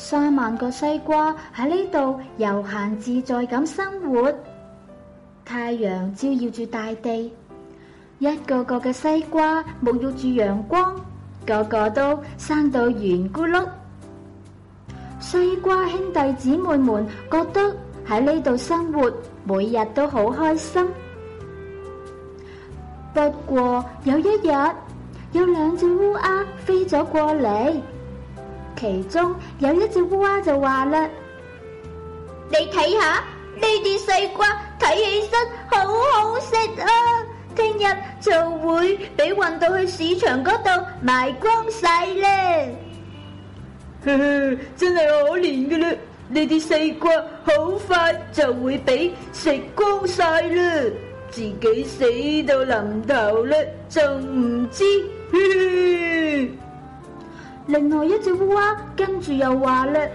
三萬個西瓜喺呢度悠閒自在咁生活，太陽照耀住大地，一個個嘅西瓜沐浴住陽光，個個都生到圓咕碌。西瓜兄弟姊妹們覺得喺呢度生活每日都好開心。不過有一日，有兩隻烏鴉飛咗過嚟。其中有一隻烏鴉就話啦：你睇下呢啲西瓜，睇起身好好食啊！聽日就會俾運到去市場嗰度賣光晒咧。呵呵， 真係可憐嘅啦！呢啲西瓜好快就會俾食光晒啦，自己死到臨頭咧，仲唔知。 另外一隻烏鴉跟住又話咧，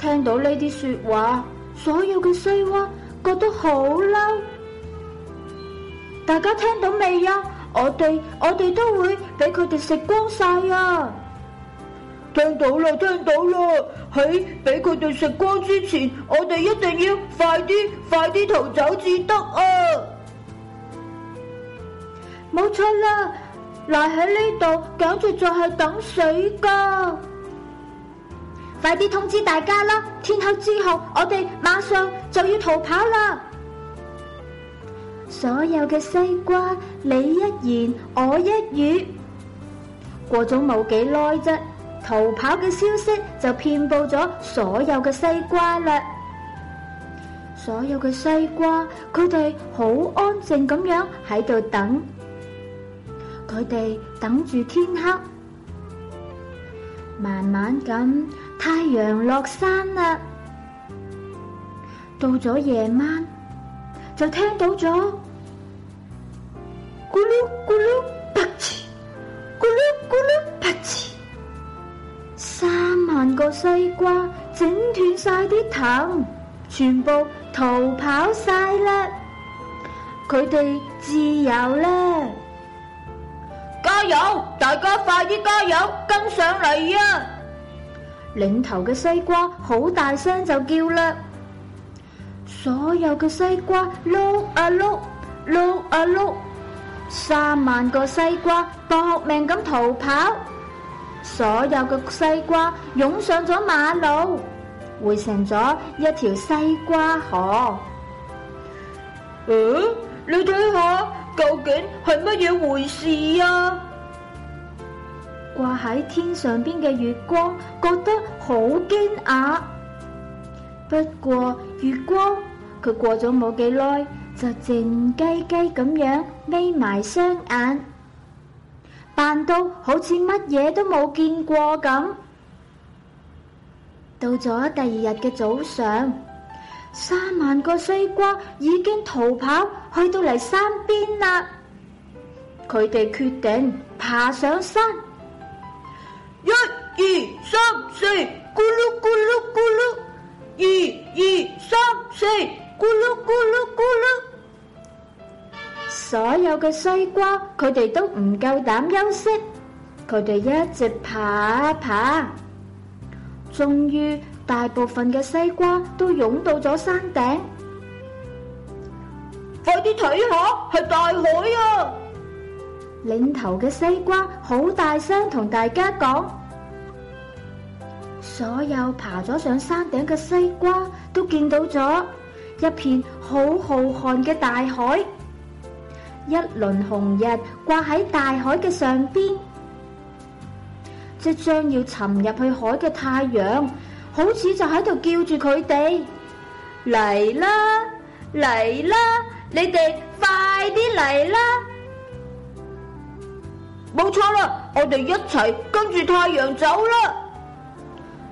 聽到呢啲說話，所有嘅西瓜覺得好嬲。大家聽到未啊？我哋我哋都會俾佢哋食光晒啊！聽到啦，聽到啦！喺俾佢哋食光之前，我哋一定要快啲快啲逃走至得啊！冇錯啦。來喺呢度，梗住就係等水噶，快啲通知大家啦！天黑之後，我哋馬上就要逃跑啦！所有嘅西瓜，你一言我一語，過咗冇幾耐啫，逃跑嘅消息就遍布咗所有嘅西瓜啦！所有嘅西瓜，佢哋好安靜咁樣喺度等。佢哋等住天黑，慢慢咁太陽落山啦。到咗夜晚，就聽到咗咕嚕咕嚕不遲，咕嚕咕嚕不遲。三萬個西瓜整斷晒啲藤，全部逃跑晒啦。佢哋自由啦。加油！大家快啲加油，跟上嚟啊！領頭嘅西瓜好大聲就叫啦，所有嘅西瓜碌啊碌，碌啊碌，三萬個西瓜搏命咁逃跑，所有嘅西瓜湧上咗馬路，匯成咗一條西瓜河。嗯，你睇下究竟係乜嘢回事啊？掛喺天上邊嘅月光，覺得好驚訝。不過月光佢過咗冇幾耐，就靜雞雞咁樣眯埋雙眼，扮到好似乜嘢都冇見過咁。到咗第二日嘅早上，三萬個西瓜已經逃跑，去到嚟山邊啦。佢哋決定爬上山。二三四，咕嚕咕嚕咕嚕，二二三四，咕嚕咕嚕咕嚕。所有嘅西瓜，佢哋都唔夠膽休息，佢哋一直爬啊爬。終於，大部分嘅西瓜都湧到咗山頂。快啲睇下，係大海啊！領頭嘅西瓜好大聲同大家講。所有爬咗上山頂嘅西瓜都見到咗一片好浩瀚嘅大海，一輪紅日掛喺大海嘅上邊，即將要沉入去海嘅太陽，好似就喺度叫住佢哋：「嚟啦，嚟啦！你哋快啲嚟啦！冇錯啦，我哋一齊跟住太陽走啦！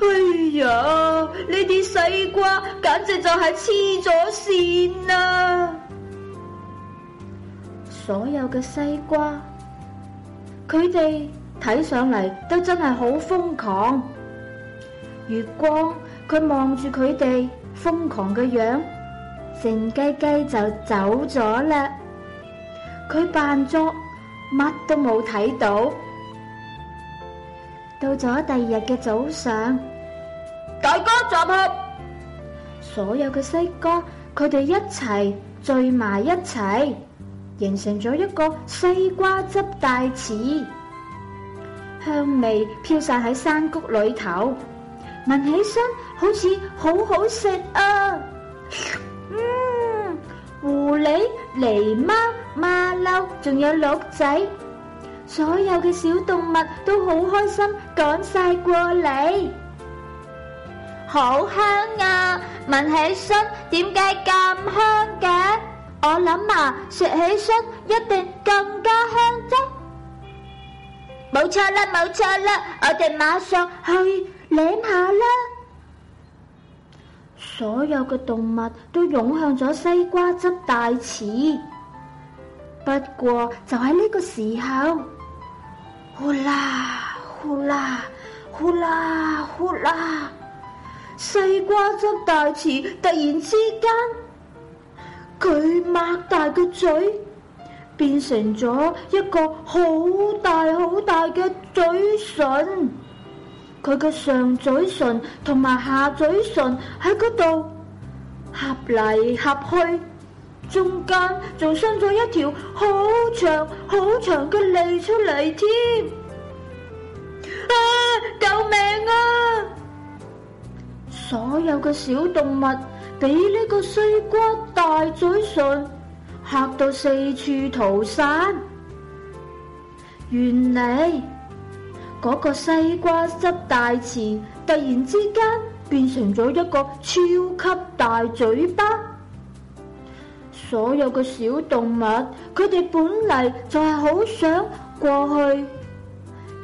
哎呀！呢啲西瓜簡直就係黐咗線啦！啊！所有嘅西瓜，佢哋睇上嚟都真係好瘋狂。月光佢望住佢哋瘋狂嘅樣，靜雞雞就走咗啦。佢扮作乜都冇睇到。到咗第二日嘅早上，大哥集合，所有嘅西瓜，佢哋一齊聚埋一齊，形成咗一個西瓜汁大池，香味飄散喺山谷裏頭，聞起身好似好好食啊！嗯，狐狸、狸貓、馬騮，仲有鹿仔。所有嘅小動物都好開心，趕晒過嚟，好香啊！聞起身，點解咁香嘅？我諗啊，食、啊、起身一定更加香啫、啊。冇錯啦，冇錯啦，我哋馬上去舐下啦。所有嘅動物都湧向咗西瓜汁大池。不過就喺呢個時候，呼啦呼啦呼啦呼啦，西瓜汁大池突然之間，佢擘大個嘴，變成咗一個好大好大嘅嘴唇。佢嘅上嘴唇同埋下嘴唇喺嗰度合嚟合去。中間仲伸咗一條好長、好長嘅脷出嚟添！啊，救命啊！所有嘅小動物俾呢個西瓜大嘴唇嚇到四處逃散。原來嗰個西瓜汁大池突然之間變成咗一個超級大嘴巴。所有嘅小動物，佢哋本嚟，就係好想過去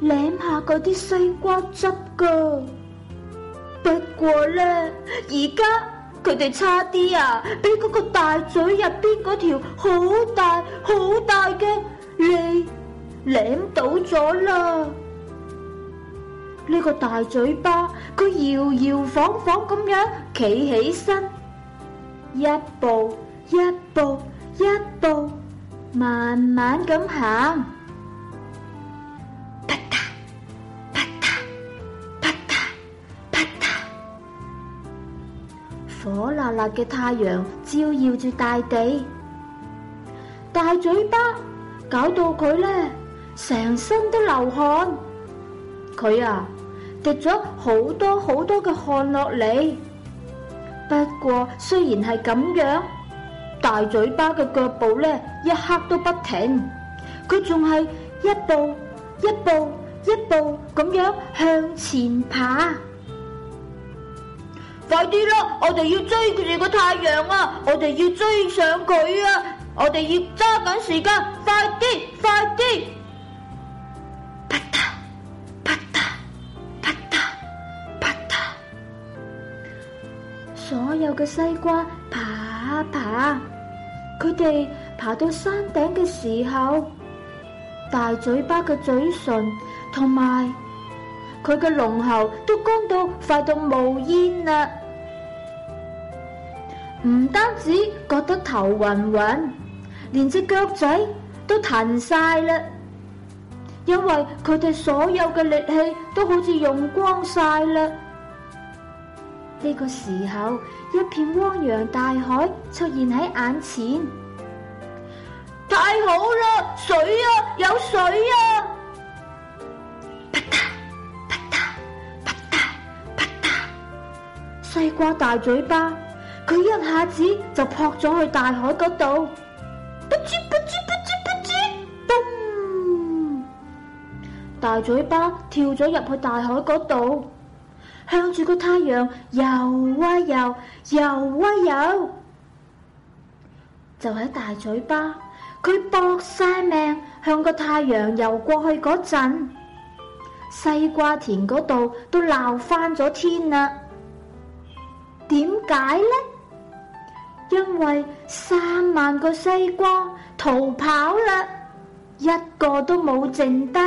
舐下嗰啲西瓜汁噶。不過咧，而家佢哋差啲啊，俾嗰個大嘴入邊嗰條好大好大嘅脷舐到咗啦。呢個大嘴巴佢搖搖晃晃咁樣企起身，一步一步，一步一步慢慢咁行，啪嗒啪嗒啪嗒啪嗒，火辣辣嘅太陽照耀住大地，大嘴巴搞到佢咧成身都流汗，佢啊滴咗好多好多嘅汗落嚟。不過雖然係咁樣。大嘴巴嘅腳步咧，一刻都不停，佢仲係一步一步一步咁樣向前爬。快啲啦！我哋要追佢哋個太陽啊！我哋要追上佢啊！我哋要揸緊時間，快啲，快啲！啪嗒啪嗒啪嗒啪嗒，所有嘅西瓜爬啊爬啊！佢哋爬到山頂嘅時候，大嘴巴嘅嘴唇同埋佢嘅龍喉都乾到快到冒煙啦。唔單止覺得頭暈暈，連隻腳仔都彈晒啦。因為佢哋所有嘅力氣都好似用光晒啦。呢個時候，一片汪洋大海出現喺眼前，太好啦！水啊，有水啊！啪嗒啪嗒啪嗒啪嗒，西瓜大嘴巴，佢一下子就撲咗去大海嗰度，噗吱噗吱噗吱噗吱，咚！大嘴巴跳咗入去大海嗰度。向住個太陽游啊游游啊游，就喺大嘴巴佢搏晒命向個太陽游過去嗰陣，西瓜田嗰度都鬧翻咗天啦！點解呢？因為三萬個西瓜逃跑啦，一個都冇剩低，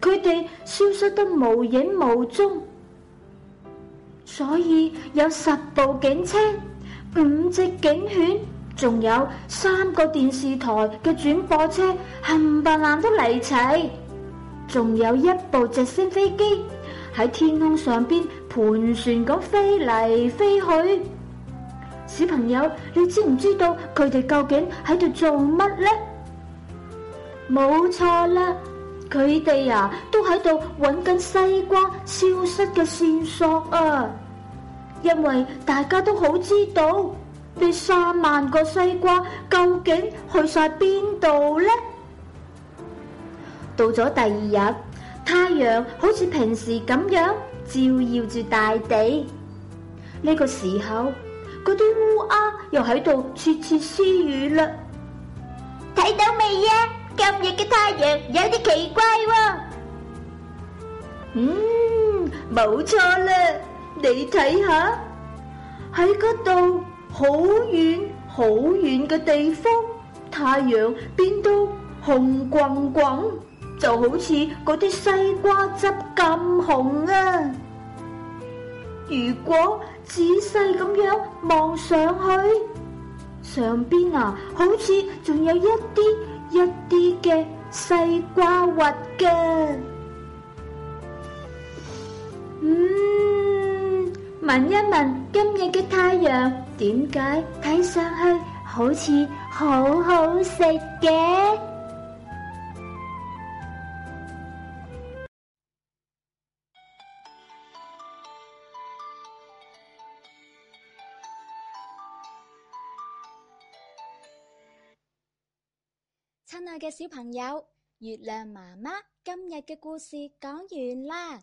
佢哋消失得無影無蹤。所以有十部警車、五隻警犬，仲有三個電視台嘅轉播車，冚唪唥都嚟齊，仲有一部直升飛機喺天空上邊盤旋咁飛嚟飛去。小朋友，你知唔知道佢哋究竟喺度做乜呢？冇錯啦，佢哋呀都喺度揾緊西瓜消失嘅線索啊！因為大家都好知道呢三萬個西瓜究竟去晒邊度呢？到咗第二日，太陽好似平時咁樣照耀住大地。呢個時候，嗰啲烏鴉又喺度竊竊私語啦。睇到未呀？今日嘅太陽有啲奇怪喎。嗯，冇錯啦。你睇下，喺嗰度好遠好遠嘅地方，太陽變到紅滾滾，就好似嗰啲西瓜汁咁紅啊！如果仔細咁樣望上去，上邊啊，好似仲有一啲一啲嘅西瓜核嘅，嗯。聞一聞今日嘅太陽，點解睇上去好似好好食嘅？親愛嘅小朋友，月亮媽媽今日嘅故事講完啦。